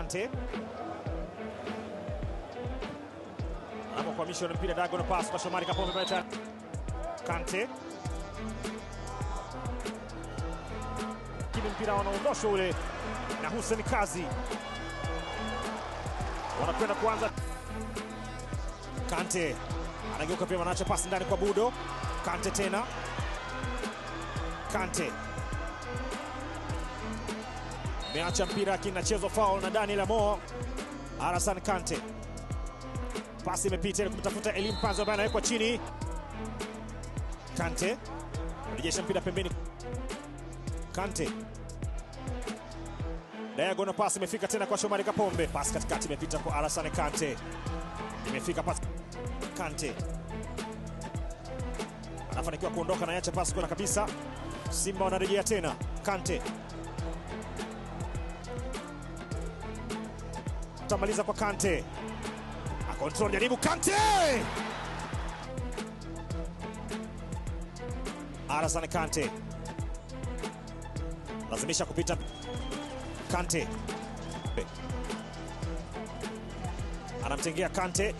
Asante. Ama kwa mpira diagonal pass kwa Shomari Kapombe pale. Kante. kile mpira wanaondosha ule na Hussein Kazi. Wanakwenda kuanza. Kante anageuka pia, anaacha pasi ndani kwa Budo. Kante tena. Kante meacha mpira kinachezwa foul na Daniel Amo. Arasan Kante, pasi imepita ili kumtafuta Elim Panzo ambaye anawekwa chini. Kante rejesha mpira pembeni. Kante diagonal pasi imefika tena kwa Shomari Kapombe, pasi katikati imepita kwa Arasan Kante, imefika pasi Kante anafanikiwa kuondoka na yacha pasi kuna kabisa. Simba wanarejea tena Kante atamaliza kwa Kante, akontrol, jaribu Kante, Arasane Kante lazimisha kupita Kante, anamtengea Kante,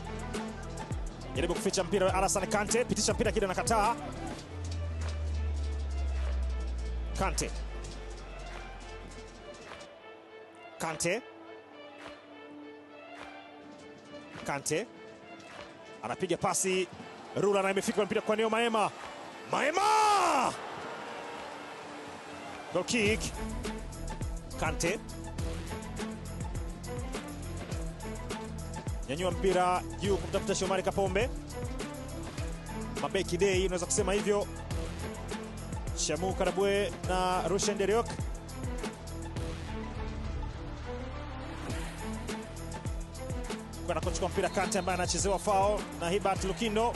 jaribu kuficha mpira, Arasane Kante, pitisha mpira kile, anakataa Kante Kante Kante anapiga pasi Rula na imefika mpira kwa Neo Maema. Maema! Goal kick. Kante. Nyanyua mpira juu kumtafuta Shomari Kapombe. Mabeki dei unaweza kusema hivyo. Shamu Karabwe na Rushen Deriok. anakuchukua mpira kati ambaye anachezewa fao na hibat Lukindo